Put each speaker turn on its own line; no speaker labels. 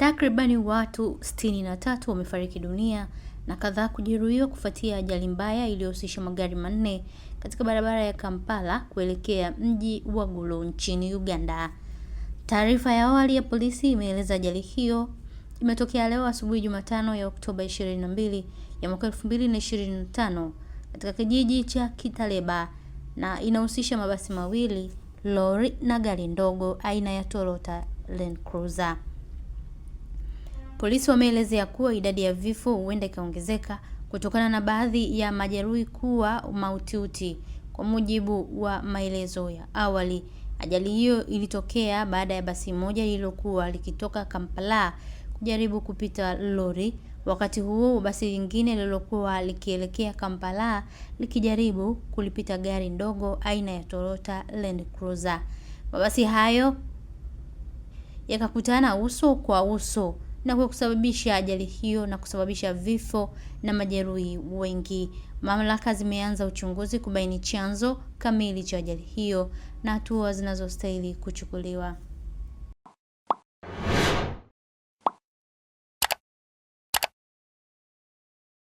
Takribani watu 63 wamefariki dunia na kadhaa kujeruhiwa kufuatia ajali mbaya iliyohusisha magari manne katika barabara ya Kampala kuelekea mji wa Gulu nchini Uganda. Taarifa ya awali ya polisi imeeleza ajali hiyo imetokea leo asubuhi Jumatano ya Oktoba 22 ya mwaka 2025 katika kijiji cha Kitaleba na inahusisha mabasi mawili, lori na gari ndogo aina ya Toyota Land Cruiser. Polisi wameelezea kuwa idadi ya vifo huenda ikaongezeka kutokana na baadhi ya majeruhi kuwa mahututi. Kwa mujibu wa maelezo ya awali, ajali hiyo ilitokea baada ya basi moja lililokuwa likitoka Kampala kujaribu kupita lori. Wakati huo basi lingine lililokuwa likielekea Kampala likijaribu kulipita gari ndogo aina ya Toyota Land Cruiser. Mabasi hayo yakakutana uso kwa uso na kwa kusababisha ajali hiyo na kusababisha vifo na majeruhi wengi. Mamlaka zimeanza uchunguzi kubaini chanzo kamili cha ajali hiyo na hatua zinazostahili kuchukuliwa.